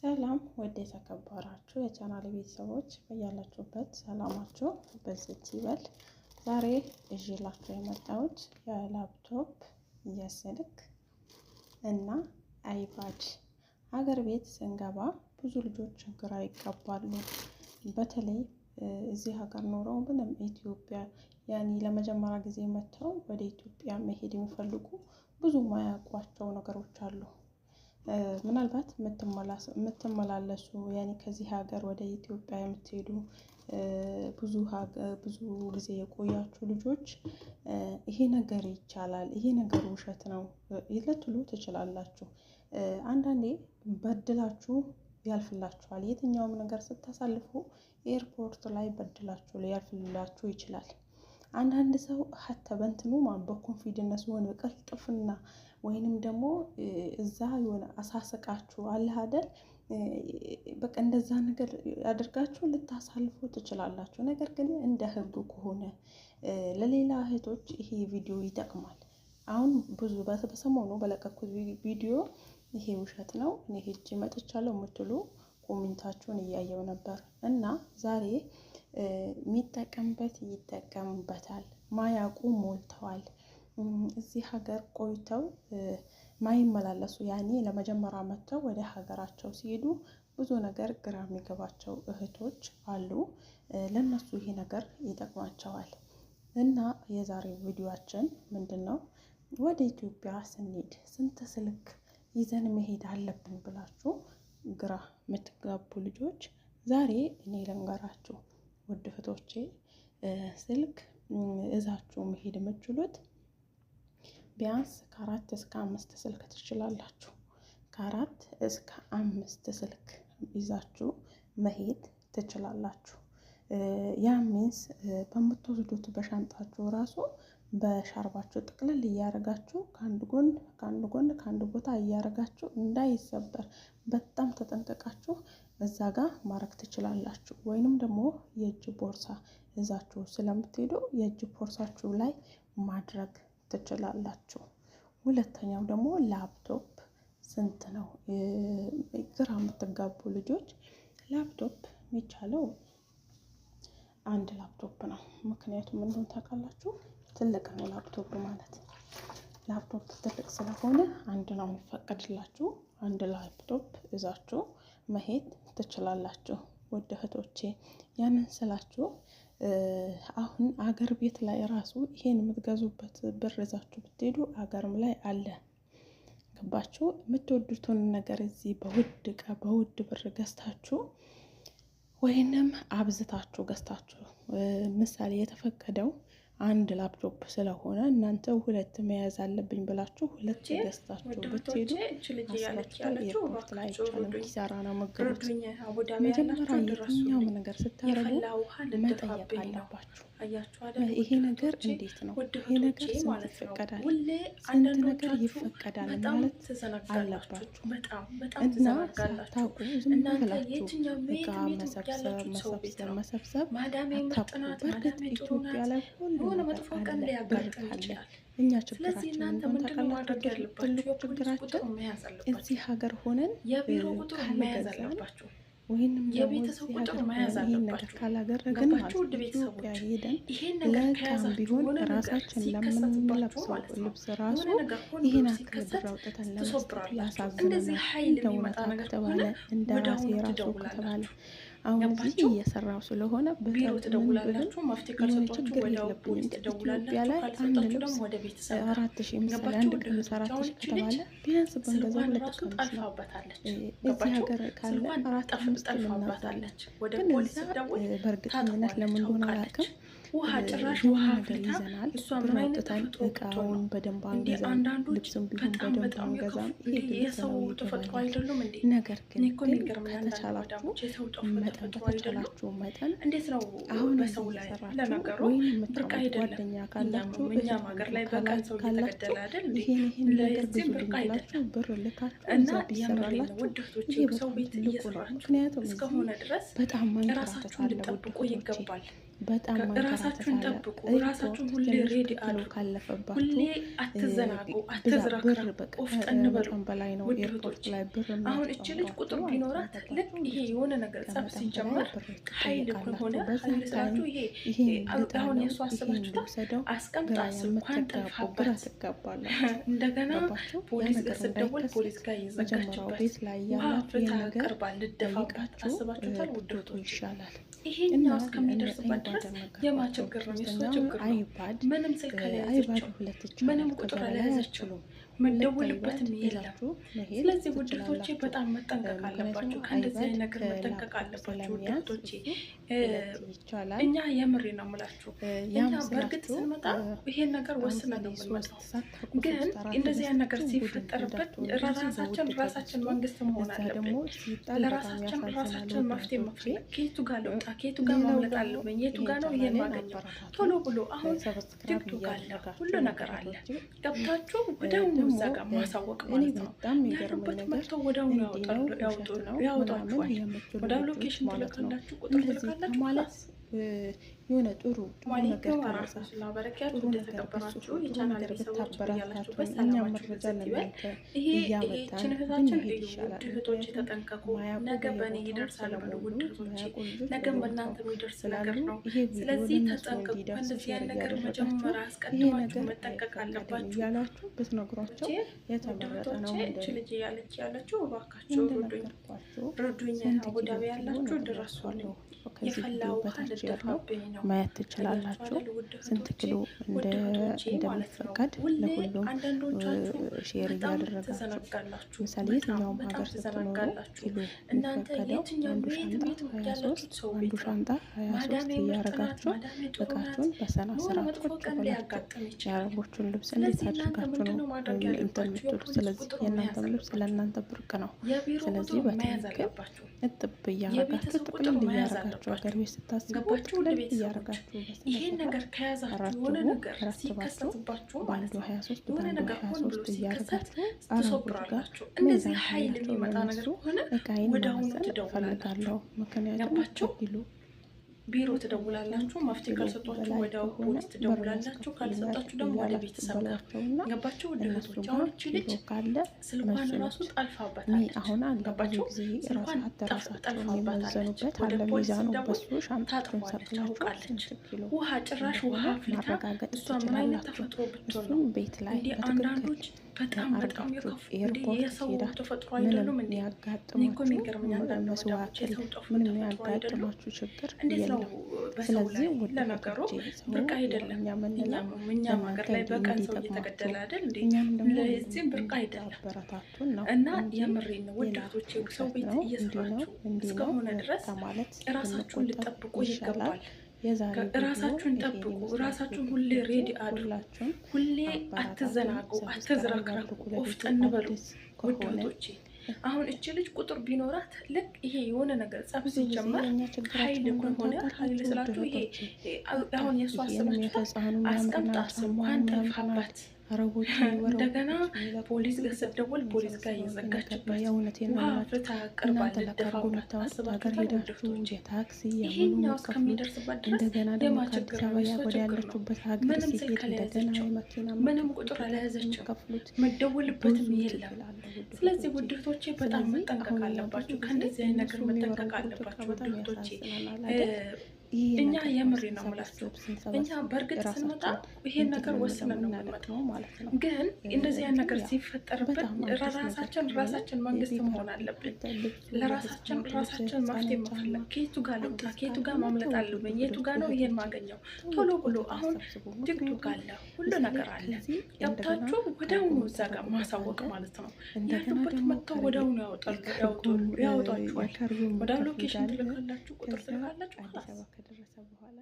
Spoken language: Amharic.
ሰላም ወደ የተከበራችሁ የቻናል ቤተሰቦች በያላችሁበት ሰላማችሁ በዝት ይበል። ዛሬ እዥላችሁ የመጣሁት የላፕቶፕ የስልክ እና አይፓድ ሀገር ቤት ስንገባ ብዙ ልጆች ችግራ ይቀባሉ። በተለይ እዚህ ሀገር ኖረው ምንም ኢትዮጵያ ያኔ ለመጀመሪያ ጊዜ መጥተው ወደ ኢትዮጵያ መሄድ የሚፈልጉ ብዙ ማያውቋቸው ነገሮች አሉ። ምናልባት የምትመላለሱ ያኔ ከዚህ ሀገር ወደ ኢትዮጵያ የምትሄዱ ብዙ ብዙ ጊዜ የቆያችሁ ልጆች ይሄ ነገር ይቻላል፣ ይሄ ነገር ውሸት ነው ልትሉ ትችላላችሁ። አንዳንዴ በድላችሁ ያልፍላችኋል። የትኛውም ነገር ስታሳልፉ ኤርፖርት ላይ በድላችሁ ሊያልፍላችሁ ይችላል። አንዳንድ ሰው ሀተ በንትኑ በኮንፊደንስ ሆነ ቅልጥፍና ወይንም ደግሞ እዛ የሆነ አሳስቃችሁ አለ አይደል በቃ እንደዛ ነገር አድርጋችሁ ልታሳልፉ ትችላላችሁ። ነገር ግን እንደ ህጉ ከሆነ ለሌላ እህቶች ይሄ ቪዲዮ ይጠቅማል። አሁን ብዙ በሰሞኑ በለቀኩት ቪዲዮ ይሄ ውሸት ነው እኔ ሄጄ መጥቻለሁ የምትሉ ኮሜንታችሁን እያየው ነበር እና ዛሬ የሚጠቀምበት ይጠቀምበታል። ማያውቁ ሞልተዋል። እዚህ ሀገር ቆይተው ማይመላለሱ ያኔ ለመጀመሪያ መጥተው ወደ ሀገራቸው ሲሄዱ ብዙ ነገር ግራ የሚገባቸው እህቶች አሉ። ለነሱ ይሄ ነገር ይጠቅማቸዋል። እና የዛሬው ቪዲዮችን ምንድን ነው? ወደ ኢትዮጵያ ስንሄድ ስንት ስልክ ይዘን መሄድ አለብን ብላችሁ ግራ የምትጋቡ ልጆች ዛሬ እኔ ልንገራችሁ። ውድ እህቶቼ ስልክ እዛችሁ መሄድ የምችሉት ቢያንስ ከአራት እስከ አምስት ስልክ ትችላላችሁ። ከአራት እስከ አምስት ስልክ ይዛችሁ መሄድ ትችላላችሁ። ያ ሚንስ በምትወስዱት በሻንጣችሁ ራሱ በሻርባችሁ ጥቅልል እያደረጋችሁ ከአንድ ጎን ከአንድ ጎን ከአንድ ቦታ እያደረጋችሁ እንዳይሰበር በጣም ተጠንቀቃችሁ እዛ ጋር ማድረግ ትችላላችሁ። ወይንም ደግሞ የእጅ ቦርሳ ይዛችሁ ስለምትሄዱ የእጅ ቦርሳችሁ ላይ ማድረግ ትችላላችሁ። ሁለተኛው ደግሞ ላፕቶፕ ስንት ነው? ግራ የምትጋቡ ልጆች ላፕቶፕ የሚቻለው አንድ ላፕቶፕ ነው። ምክንያቱም እንደሆነ ታውቃላችሁ፣ ትልቅ ነው ላፕቶፕ ማለት ላፕቶፕ ትልቅ ስለሆነ አንድ ነው የሚፈቀድላችሁ። አንድ ላፕቶፕ ይዛችሁ መሄድ ትችላላችሁ። ውድ እህቶቼ ያንን ስላችሁ አሁን አገር ቤት ላይ ራሱ ይሄን የምትገዙበት ብር ይዛችሁ ብትሄዱ አገርም ላይ አለ። ገባችሁ? የምትወዱትን ነገር እዚህ በውድ ቀ በውድ ብር ገዝታችሁ ወይንም አብዝታችሁ ገዝታችሁ ምሳሌ የተፈቀደው አንድ ላፕቶፕ ስለሆነ እናንተ ሁለት መያዝ አለብኝ ብላችሁ ሁለት ገዝታችሁ ብትሄዱ አስባችኋል። ኤርፖርት ላይ አይቻልም፣ ኪሳራ ነው መገቡት። መጀመሪያ የትኛውም ነገር ስታደርጉ መጠየቅ አለባችሁ። ይሄ ነገር እንዴት ነው? ይሄ ነገር ስንት ይፈቀዳል? ስንት ነገር ይፈቀዳል ማለት አለባችሁ እና ሳታውቁ ዝም ብላችሁ እቃ መሰብሰብ መሰብሰብ መሰብሰብ አታውቁ። በእርግጥ ኢትዮጵያ ላይ አለ፣ ብር አለ። እኛ ችግራችን ታውቃላችሁ። ትልቁ ችግራችን እዚህ ሀገር ሆነን ካልገዛን ወይንም የቤተሰብ ቁጥር መያዝ አለባችሁ። ካላደረግናችሁ ውድ ቤተሰቦች ይሄን ነገር ከያዛችሁ ቢሆን ራሳችን ለምንለብሰው ልብስ ራሱ ይሄን አክል ብር አውጥተን ለመስጠት ያሳዝናል። እንደዚህ ሀይል የሚመጣ ነገር ከተባለ እንደ ራሴ ራሱ ከተባለ አሁን እዚህ እየሰራው ስለሆነ ቢሮ ትደውላላችሁ። መፍትሄ ካልሰጧችሁ አራት ሺ ምሳሌ አንድ ቀሚስ አራት ሺ ከተባለ ቢያንስ በንገዛ ሁለት ቀሚስ ነው። እዚህ ሀገር ካለ አራት አምስት ልናወጣለን። ግን እዛ በእርግጠኝነት ለምን እንደሆነ አላውቅም ውሃ ጭራሽ ውሃ ፍልታ እሷም ምን አይነት እቃውን በደንብ አንገዛም፣ ልብሱም ቢሆን በደንብ አንገዛም። የሰው ተፈጥሮ አይደሉም እንዴ? ነገር ግን ከተቻላችሁ መጠን ከተቻላችሁ መጠን አሁን በሰው ላይ ለነገሩ ብርቅ አይደለም። ካላችሁ እኛም ሀገር ላይ በቀን ሰው እየተገደለ አይደል? ይሄን ይሄን ነገር ብዙ ድንግላችሁ ብር ልካችሁ እና ቢሰራላችሁ ውድህቶች ሰው ቤት እየሰራችሁ ምክንያቱም እስከሆነ ድረስ በጣም መንቀሳቀስ ልጠብቁ ይገባል። በጣም ራሳችሁን ጠብቁ። ራሳችሁን ሁሌ ሬዲ አድርጉ። ሁሌ አትዘናጉ፣ አትዝረክረኩ። ፍጠን በሉ ውድ እህቶች። አሁን እቺ ልጅ ቁጥር ቢኖራት ልክ ይሄ የሆነ ነገር ጸብ ሲጀመር ኃይል ሆነ ሳችሁ ይሄ አሁን የሱ አስቀምጣ እንደገና ፖሊስ ጋር ስደውል ፖሊስ ጋር ይዘጋችበት ውሃ ቅርባ ልደፋባት አስባችሁታል። ይሄኛው እስከሚደርስበት የማን ችግር ነው? አይባድ ምንም ስልክ አልያዘችው፣ ምንም ቁጥር አልያዘችው የምንደውልበትም የለም። ስለዚህ ውድቶቼ በጣም መጠንቀቅ አለባቸው። ከእንደዚህ አይነት ነገር መጠንቀቅ አለባቸው ውድቶቼ። እኛ የምሬ ነው የምላችሁ። እኛ በእርግጥ ስንመጣ ይሄን ነገር ወስነን ነው የምንመጣው፣ ግን እንደዚህ አይነት ነገር ሲፈጠርበት ራሳችን ራሳችን መንግስት መሆን አለብን። ለራሳችን ራሳችን መፍትሄ መፈለግ ከየቱ ጋር ልውጣ፣ ከየቱ ጋር ማምለጥ አለብኝ፣ የቱ ጋር ነው ይሄን ማገኘው ቶሎ ብሎ አሁን ቲክቶክ አለ፣ ሁሉ ነገር አለ። ገብታችሁ ወደ እዛ ጋር ማሳወቅ ማለት ነው። ያሉበት መጥተው ወዲያው ያወጣሉ ያወጧቸዋል። ወደ ሎኬሽን ትልካላችሁ ቁጥር ትልካላችሁ የሆነ ጥሩ ነገር ይሻላል። እህቶች ተጠንቀቁ። ነገ በእኔ ይደርሳል ብሎ ውድ እህቶች ነገ በእናንተ የሚደርስ ነገር ነው። ስለዚህ ተጠንቀቁ። ነገር አስቀድማችሁ መጠንቀቅ አለባችሁ ብትነግሯቸው የተመረጠ ነው። እች ልጅ ያለችው እባካችሁ አቡዳቢ ያላችሁ የፈላ ውሃ ሼር ነው ማየት ትችላላችሁ። ስንት ኪሎ እንደሚፈቀድ ለሁሉም ሼር እያደረጋችሁ ምሳሌ የትኛውም ሀገር ስትኖሩ ኪሎ የሚፈቀደው አንዱ ሻንጣ ሀያ ሶስት አንዱ ሻንጣ ሀያ ሶስት እያረጋችሁ እቃችሁን በሰላም ስራ ቁጭ ብላችሁ የአረቦቹን ልብስ እንዴት አድርጋችሁ ነው እንትን የምትሉ? ስለዚህ የእናንተም ልብስ ለእናንተ ብርቅ ነው። ስለዚህ በትክክል እጥብ እያረጋችሁ ጥቅልል እያረጋችሁ ሀገር ቤት ስታስቡ ቤተሰቦች ለቤት እያደረጋችሁ ይሄን ነገር ከያዛችሁ የሆነ ነገር ሲከሰትባችሁ ማለት ነው የሆነ ነገር ሆን ብሎ ሲከሰት ትሶብራላችሁ። እንደዚህ ሀይል የሚመጣ ነገር ከሆነ ወደ አሁኑ ትደውላላችሁ። ገባችሁ? ቢሮ ትደውላላችሁ። መፍትሄ ካልሰጧችሁ ወደ ፖሊስ ትደውላላችሁ። ካልሰጣችሁ ደግሞ ወደ ቤተሰብ ጋር ገባችሁ። ድነቶች አሁን ልጅ ስልኳን ራሱ ጠልፋበታለች። ገባችሁ? ስልኳን ጠልፋበታለች። ወደ ፖሊስ ስደውል ታጥፋለች፣ አውቃለች። ውሃ ጭራሽ ውሃ ፍልታ እሷ ምን አይነት ተፈጥሮ ብትሆን ነው እንዲህ አንዳንዶች በጣም በጣም የከፉ የሰው ተፈጥሮ አይደሉም። እንዲ እኔ እኮ የሚገርመኝ አንዳንድ ተፈጥሮ አይደሉም። እንዴት ነው ስለዚህ ለነገሩ ብርቅ አይደለም። እኛም ሀገር ላይ በቀን ሰው እየተገደለ አይደል እንዴ? ለዚህም ብርቅ አይደለም እና የምሬን ነው ወዳቶች፣ ሰው ቤት እየሰራችሁ እስከሆነ ድረስ እራሳችሁን ልጠብቁ ይገባል። ጠብቁ። ሁሌ ሬዲ አድርጉ። ሁሌ አትዘናጉ፣ አትዝረክረኩ፣ ቆፍጠን በሉ አሁን እች ልጅ ቁጥር ቢኖራት ልክ ይሄ የሆነ ነገር ጸብ ሲጀመር ኃይል ሆነ ኃይል ስላችሁ ይሄ አሁን የእሷ ስማችሁ አስቀምጣ ስሟን ጠፋባት አረቦች እንደገና ፖሊስ ጋር ስደውል ፖሊስ ጋር እየዘጋችበት የእውነቴን ፍትህ እናንተ ለካርጎ የምታወጡት ሀገር ሄዳችሁ የታክሲ የምኑ ከሚደርስበት ድረስ እንደገና ደግሞ ከአዲስ አበባ ያጎዳ ያለችሁበት ሀገር ሲሄድ እንደገና የመኪና ምንም ቁጥር አልያዘችም ከፍሉት መደወልበትም የለም። ስለዚህ ውድ በጣም መጠንቀቅ አለባችሁ። ከእንደዚህ አይነት ነገር መጠንቀቅ አለባችሁ ውድ እኛ የምሬ ነው የምላቸው። እኛ በእርግጥ ስንመጣ ይሄን ነገር ወስነን ነው የምንመጣው ማለት ነው። ግን እንደዚህ አይነት ነገር ሲፈጠርብን ራሳችን ራሳችን መንግስት መሆን አለብን። ለራሳችን ራሳችን መፍትሄ መፈለግ፣ ከየቱ ጋር ልውጣ፣ ከየቱ ጋር ማምለጥ አለብኝ፣ የቱ ጋር ነው ይሄን ማገኘው ቶሎ ብሎ። አሁን ቲክቶክ አለ፣ ሁሉ ነገር አለ። ገብታችሁ ወደውኑ እዛ ጋር ማሳወቅ ማለት ነው። ያሉበት መጥተው ወደውኑ ያወጣሉ፣ ያወጧችኋል። ወደ ሎኬሽን ትልካላችሁ፣ ቁጥር ትልካላችሁ ከደረሰ በኋላ